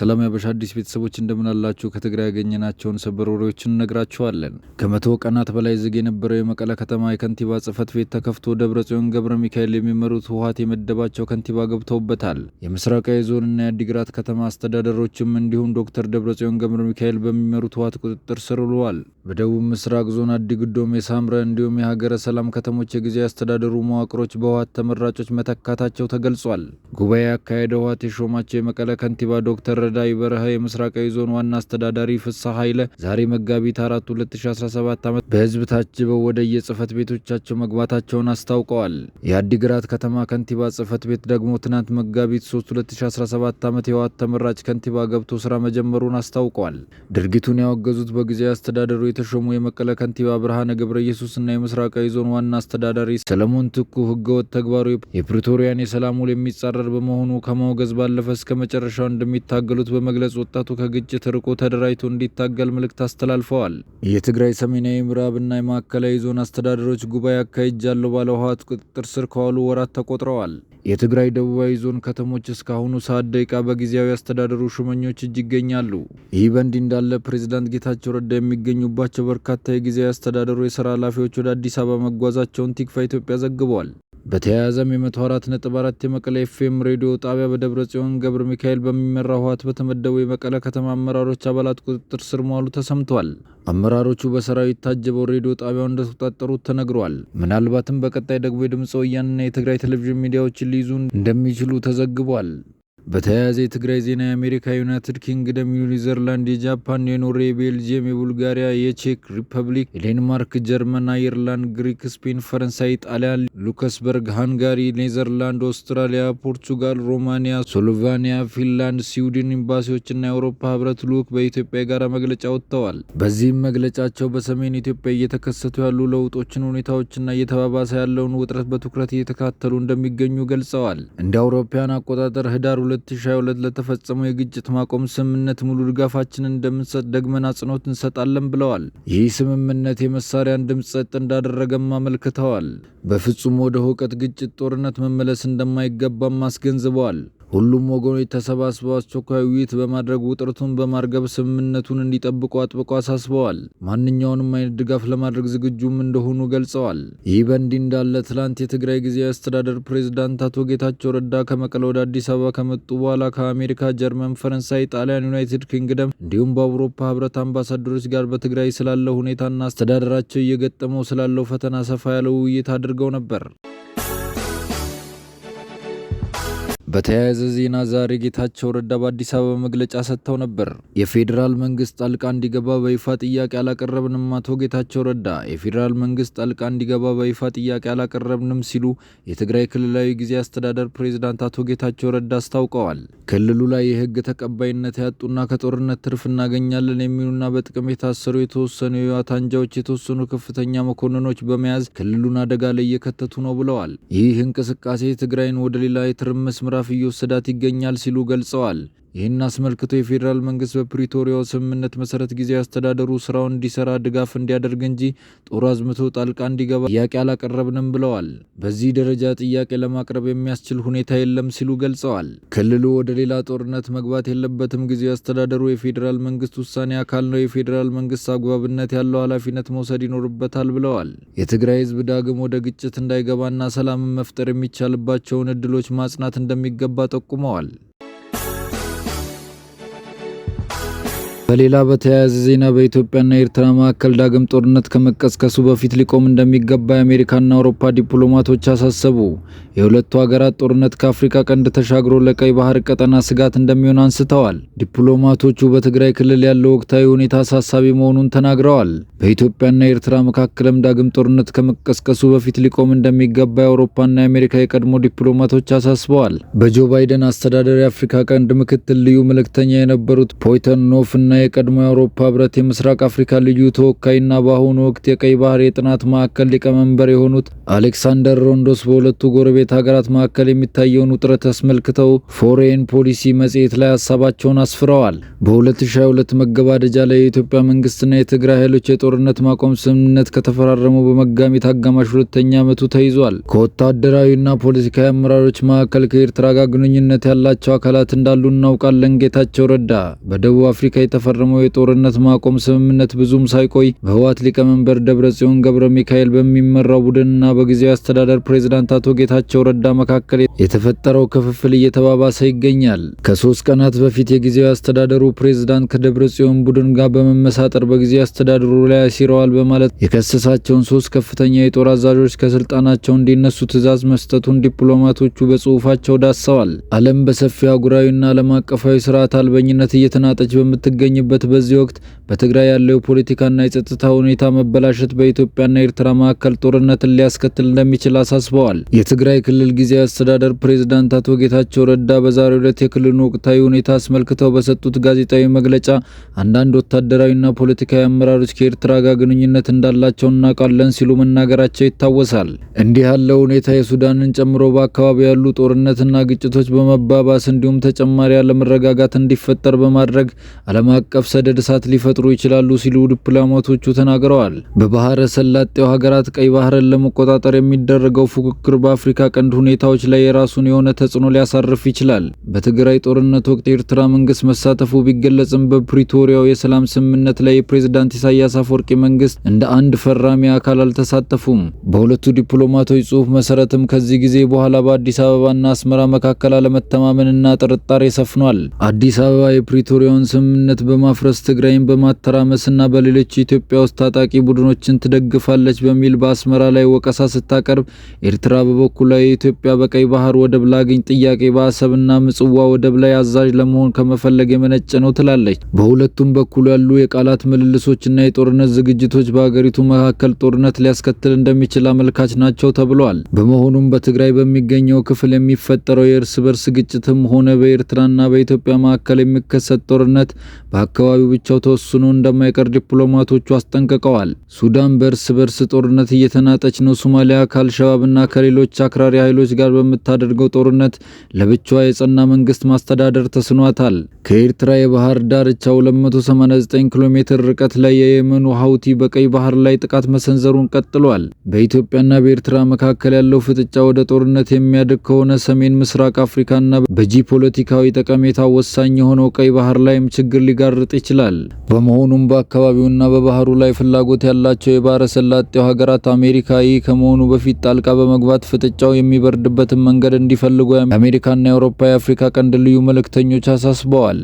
ሰላም ያበሻ አዲስ ቤተሰቦች እንደምናላችሁ። ከትግራይ ያገኘናቸውን ሰበር ወሬዎችን እነግራችኋለን። ከመቶ ቀናት በላይ ዝግ የነበረው የመቀለ ከተማ የከንቲባ ጽህፈት ቤት ተከፍቶ ደብረጽዮን ገብረ ሚካኤል የሚመሩት ህወሓት የመደባቸው ከንቲባ ገብተውበታል። የምስራቃዊ ዞንና የአዲግራት ከተማ አስተዳደሮችም እንዲሁም ዶክተር ደብረጽዮን ገብረ ሚካኤል በሚመሩት ህወሓት ቁጥጥር ስር ውለዋል። በደቡብ ምስራቅ ዞን አዲግዶም፣ የሳምረ እንዲሁም የሀገረ ሰላም ከተሞች የጊዜያዊ አስተዳደሩ መዋቅሮች በህወሓት ተመራጮች መተካታቸው ተገልጿል። ጉባኤ ያካሄደ ህወሓት የሾማቸው የመቀለ ከንቲባ ዶክተር ወረዳ የበረሃ የምስራቃዊ ዞን ዋና አስተዳዳሪ ፍሳ ኃይለ ዛሬ መጋቢት 4 2017 ዓመት በህዝብ ታጅበው ወደ የጽህፈት ቤቶቻቸው መግባታቸውን አስታውቀዋል። የአዲግራት ከተማ ከንቲባ ጽህፈት ቤት ደግሞ ትናንት መጋቢት 3 2017 ዓመት የህወሓት ተመራጭ ከንቲባ ገብቶ ስራ መጀመሩን አስታውቀዋል። ድርጊቱን ያወገዙት በጊዜያዊ አስተዳደሩ የተሾሙ የመቀለ ከንቲባ ብርሃነ ገብረ እና የምስራቃዊ ዞን ዋና አስተዳዳሪ ሰለሞን ትኩ ህገወጥ ተግባሩ የፕሪቶሪያን የሰላም ውል የሚጻረር በመሆኑ ከማውገዝ ባለፈ እስከ መጨረሻው እንደሚታገሉ እንደሚከተሉት በመግለጽ ወጣቱ ከግጭት ርቆ ተደራጅቶ እንዲታገል መልእክት አስተላልፈዋል። የትግራይ ሰሜናዊ ምዕራብና የማዕከላዊ ዞን አስተዳደሮች ጉባኤ አካሂጃለሁ ባለ ህወሓት ቁጥጥር ስር ከዋሉ ወራት ተቆጥረዋል። የትግራይ ደቡባዊ ዞን ከተሞች እስካሁኑ ሰዓት ደቂቃ በጊዜያዊ አስተዳደሩ ሹመኞች እጅ ይገኛሉ። ይህ በእንዲህ እንዳለ ፕሬዚዳንት ጌታቸው ረዳ የሚገኙባቸው በርካታ የጊዜያዊ አስተዳደሩ የስራ ኃላፊዎች ወደ አዲስ አበባ መጓዛቸውን ቲክፋ ኢትዮጵያ ዘግቧል። በተያያዘም የ104.4 የመቀለ ኤፍኤም ሬዲዮ ጣቢያ በደብረ ጽዮን ገብረ ሚካኤል በሚመራ ህወሓት በተመደቡ የመቀለ ከተማ አመራሮች አባላት ቁጥጥር ስር መዋሉ ተሰምቷል። አመራሮቹ በሰራዊት ታጀበው ሬዲዮ ጣቢያውን እንደተቆጣጠሩት ተነግሯል። ምናልባትም በቀጣይ ደግሞ የድምፅ ወያንና የትግራይ ቴሌቪዥን ሚዲያዎችን ሊይዙ እንደሚችሉ ተዘግቧል። በተያያዘ የትግራይ ዜና የአሜሪካ፣ ዩናይትድ ኪንግደም፣ ኒውዚርላንድ፣ የጃፓን፣ የኖሬ፣ የቤልጅየም፣ የቡልጋሪያ፣ የቼክ ሪፐብሊክ፣ የዴንማርክ፣ ጀርመን፣ አየርላንድ፣ ግሪክ፣ ስፔን፣ ፈረንሳይ፣ ጣሊያን፣ ሉከስበርግ፣ ሃንጋሪ፣ ኔዘርላንድ፣ ኦስትራሊያ፣ ፖርቱጋል፣ ሮማኒያ፣ ሶሎቫኒያ፣ ፊንላንድ፣ ስዊድን ኤምባሲዎችና የአውሮፓ ህብረት ልዑክ በኢትዮጵያ የጋራ መግለጫ ወጥተዋል። በዚህም መግለጫቸው በሰሜን ኢትዮጵያ እየተከሰቱ ያሉ ለውጦችን፣ ሁኔታዎችና እየተባባሰ ያለውን ውጥረት በትኩረት እየተከታተሉ እንደሚገኙ ገልጸዋል። እንደ አውሮፓውያን አቆጣጠር ህዳር 2022 ለተፈጸመው የግጭት ማቆም ስምምነት ሙሉ ድጋፋችንን እንደምንሰጥ ደግመን አጽንኦት እንሰጣለን ብለዋል። ይህ ስምምነት የመሳሪያን ድምፅ ጸጥ እንዳደረገም አመልክተዋል። በፍጹም ወደ ሁከት፣ ግጭት፣ ጦርነት መመለስ እንደማይገባም አስገንዝበዋል። ሁሉም ወገኖች ተሰባስበው አስቸኳይ ውይይት በማድረግ ውጥረቱን በማርገብ ስምምነቱን እንዲጠብቁ አጥብቆ አሳስበዋል። ማንኛውንም አይነት ድጋፍ ለማድረግ ዝግጁም እንደሆኑ ገልጸዋል። ይህ በእንዲህ እንዳለ ትላንት የትግራይ ጊዜያዊ አስተዳደር ፕሬዝዳንት አቶ ጌታቸው ረዳ ከመቀለ ወደ አዲስ አበባ ከመጡ በኋላ ከአሜሪካ፣ ጀርመን፣ ፈረንሳይ፣ ጣሊያን፣ ዩናይትድ ኪንግደም እንዲሁም በአውሮፓ ህብረት አምባሳደሮች ጋር በትግራይ ስላለው ሁኔታና አስተዳደራቸው እየገጠመው ስላለው ፈተና ሰፋ ያለው ውይይት አድርገው ነበር። በተያያዘ ዜና ዛሬ ጌታቸው ረዳ በአዲስ አበባ መግለጫ ሰጥተው ነበር። የፌዴራል መንግስት ጣልቃ እንዲገባ በይፋ ጥያቄ አላቀረብንም። አቶ ጌታቸው ረዳ የፌዴራል መንግስት ጣልቃ እንዲገባ በይፋ ጥያቄ አላቀረብንም ሲሉ የትግራይ ክልላዊ ጊዜ አስተዳደር ፕሬዝዳንት አቶ ጌታቸው ረዳ አስታውቀዋል። ክልሉ ላይ የህግ ተቀባይነት ያጡና ከጦርነት ትርፍ እናገኛለን የሚሉና በጥቅም የታሰሩ የተወሰኑ የህወሓት አንጃዎች የተወሰኑ ከፍተኛ መኮንኖች በመያዝ ክልሉን አደጋ ላይ እየከተቱ ነው ብለዋል። ይህ እንቅስቃሴ ትግራይን ወደ ሌላ የትርምስ ምዕራፍ ምዕራፍ እየወሰዳት ይገኛል ሲሉ ገልጸዋል። ይህን አስመልክቶ የፌዴራል መንግስት በፕሪቶሪያው ስምምነት መሰረት ጊዜ አስተዳደሩ ስራውን እንዲሰራ ድጋፍ እንዲያደርግ እንጂ ጦር አዝምቶ ጣልቃ እንዲገባ ጥያቄ አላቀረብንም ብለዋል። በዚህ ደረጃ ጥያቄ ለማቅረብ የሚያስችል ሁኔታ የለም ሲሉ ገልጸዋል። ክልሉ ወደ ሌላ ጦርነት መግባት የለበትም። ጊዜ አስተዳደሩ የፌዴራል መንግስት ውሳኔ አካል ነው። የፌዴራል መንግስት አግባብነት ያለው ኃላፊነት መውሰድ ይኖርበታል ብለዋል። የትግራይ ህዝብ ዳግም ወደ ግጭት እንዳይገባና ሰላምን መፍጠር የሚቻልባቸውን እድሎች ማጽናት እንደሚገባ ጠቁመዋል። በሌላ በተያያዘ ዜና በኢትዮጵያና ኤርትራ መካከል ዳግም ጦርነት ከመቀስቀሱ በፊት ሊቆም እንደሚገባ የአሜሪካና አውሮፓ ዲፕሎማቶች አሳሰቡ። የሁለቱ ሀገራት ጦርነት ከአፍሪካ ቀንድ ተሻግሮ ለቀይ ባህር ቀጠና ስጋት እንደሚሆን አንስተዋል። ዲፕሎማቶቹ በትግራይ ክልል ያለው ወቅታዊ ሁኔታ አሳሳቢ መሆኑን ተናግረዋል። በኢትዮጵያና ኤርትራ መካከልም ዳግም ጦርነት ከመቀስቀሱ በፊት ሊቆም እንደሚገባ የአውሮፓና የአሜሪካ የቀድሞ ዲፕሎማቶች አሳስበዋል። በጆ ባይደን አስተዳደር የአፍሪካ ቀንድ ምክትል ልዩ መልእክተኛ የነበሩት ፖይተን ኖፍ እና የቀድሞ የአውሮፓ ህብረት የምስራቅ አፍሪካ ልዩ ተወካይና በአሁኑ ወቅት የቀይ ባህር የጥናት ማዕከል ሊቀመንበር የሆኑት አሌክሳንደር ሮንዶስ በሁለቱ ጎረቤት ሀገራት መካከል የሚታየውን ውጥረት አስመልክተው ፎሬን ፖሊሲ መጽሔት ላይ ሀሳባቸውን አስፍረዋል። በ2022 መገባደጃ ላይ የኢትዮጵያ መንግስትና የትግራይ ኃይሎች የጦርነት ማቆም ስምምነት ከተፈራረሙ በመጋቢት አጋማሽ ሁለተኛ ዓመቱ ተይዟል። ከወታደራዊና ፖለቲካዊ አመራሮች መካከል ከኤርትራ ጋር ግንኙነት ያላቸው አካላት እንዳሉ እናውቃለን። ጌታቸው ረዳ በደቡብ አፍሪካ የተፈ የተፈረመው የጦርነት ማቆም ስምምነት ብዙም ሳይቆይ በህወሓት ሊቀመንበር ደብረጽዮን ገብረ ሚካኤል በሚመራው ቡድንና በጊዜያዊ አስተዳደር ፕሬዝዳንት አቶ ጌታቸው ረዳ መካከል የተፈጠረው ክፍፍል እየተባባሰ ይገኛል። ከሶስት ቀናት በፊት የጊዜያዊ አስተዳደሩ ፕሬዝዳንት ከደብረጽዮን ቡድን ጋር በመመሳጠር በጊዜያዊ አስተዳደሩ ላይ አሲረዋል በማለት የከሰሳቸውን ሶስት ከፍተኛ የጦር አዛዦች ከስልጣናቸው እንዲነሱ ትዕዛዝ መስጠቱን ዲፕሎማቶቹ በጽሁፋቸው ዳሰዋል። ዓለም በሰፊው አህጉራዊና ዓለም አቀፋዊ ስርዓት አልበኝነት እየተናጠች በምትገኘ በሚገኝበት በዚህ ወቅት በትግራይ ያለው የፖለቲካና የጸጥታ ሁኔታ መበላሸት በኢትዮጵያና ኤርትራ መካከል ጦርነትን ሊያስከትል እንደሚችል አሳስበዋል። የትግራይ ክልል ጊዜያዊ አስተዳደር ፕሬዝዳንት አቶ ጌታቸው ረዳ በዛሬው ዕለት የክልሉን ወቅታዊ ሁኔታ አስመልክተው በሰጡት ጋዜጣዊ መግለጫ አንዳንድ ወታደራዊና ፖለቲካዊ አመራሮች ከኤርትራ ጋር ግንኙነት እንዳላቸው እናውቃለን ሲሉ መናገራቸው ይታወሳል። እንዲህ ያለው ሁኔታ የሱዳንን ጨምሮ በአካባቢ ያሉ ጦርነትና ግጭቶች በመባባስ እንዲሁም ተጨማሪ አለመረጋጋት እንዲፈጠር በማድረግ ዓለም አቀፍ ሰደድ እሳት ሊፈጥሩ ይችላሉ ሲሉ ዲፕሎማቶቹ ተናግረዋል። በባህረ ሰላጤው ሀገራት ቀይ ባህርን ለመቆጣጠር የሚደረገው ፉክክር በአፍሪካ ቀንድ ሁኔታዎች ላይ የራሱን የሆነ ተጽዕኖ ሊያሳርፍ ይችላል። በትግራይ ጦርነት ወቅት የኤርትራ መንግስት መሳተፉ ቢገለጽም በፕሪቶሪያው የሰላም ስምምነት ላይ የፕሬዝዳንት ኢሳያስ አፈወርቂ መንግስት እንደ አንድ ፈራሚ አካል አልተሳተፉም። በሁለቱ ዲፕሎማቶች ጽሁፍ መሰረትም ከዚህ ጊዜ በኋላ በአዲስ አበባና አስመራ መካከል አለመተማመንና ጥርጣሬ ሰፍኗል። አዲስ አበባ የፕሪቶሪያውን ስምምነት በማፍረስ ትግራይን በማተራመስና በሌሎች ኢትዮጵያ ውስጥ ታጣቂ ቡድኖችን ትደግፋለች በሚል በአስመራ ላይ ወቀሳ ስታቀርብ፣ ኤርትራ በበኩሏ የኢትዮጵያ በቀይ ባህር ወደብ ላግኝ ጥያቄ በአሰብና ምጽዋ ወደብ ላይ አዛዥ ለመሆን ከመፈለግ የመነጨ ነው ትላለች። በሁለቱም በኩል ያሉ የቃላት ምልልሶችና የጦርነት ዝግጅቶች በሀገሪቱ መካከል ጦርነት ሊያስከትል እንደሚችል አመልካች ናቸው ተብለዋል። በመሆኑም በትግራይ በሚገኘው ክፍል የሚፈጠረው የእርስ በርስ ግጭትም ሆነ በኤርትራና በኢትዮጵያ መካከል የሚከሰት ጦርነት በአካባቢው ብቻው ተወስኖ እንደማይቀር ዲፕሎማቶቹ አስጠንቅቀዋል። ሱዳን በእርስ በርስ ጦርነት እየተናጠች ነው። ሶማሊያ ከአልሸባብና ከሌሎች አክራሪ ኃይሎች ጋር በምታደርገው ጦርነት ለብቻዋ የጸና መንግስት ማስተዳደር ተስኗታል። ከኤርትራ የባህር ዳርቻ 289 ኪሎ ሜትር ርቀት ላይ የየመኑ ሀውቲ በቀይ ባህር ላይ ጥቃት መሰንዘሩን ቀጥሏል። በኢትዮጵያና በኤርትራ መካከል ያለው ፍጥጫ ወደ ጦርነት የሚያድግ ከሆነ ሰሜን ምስራቅ አፍሪካና ፖለቲካዊ ጠቀሜታ ወሳኝ የሆነው ቀይ ባህር ላይም ችግር ሊጋ ሊያጋርጥ ይችላል። በመሆኑም በአካባቢውና በባህሩ ላይ ፍላጎት ያላቸው የባህረ ሰላጤው ሀገራት አሜሪካ ይህ ከመሆኑ በፊት ጣልቃ በመግባት ፍጥጫው የሚበርድበትን መንገድ እንዲፈልጉ የአሜሪካና የአውሮፓ የአፍሪካ ቀንድ ልዩ መልእክተኞች አሳስበዋል።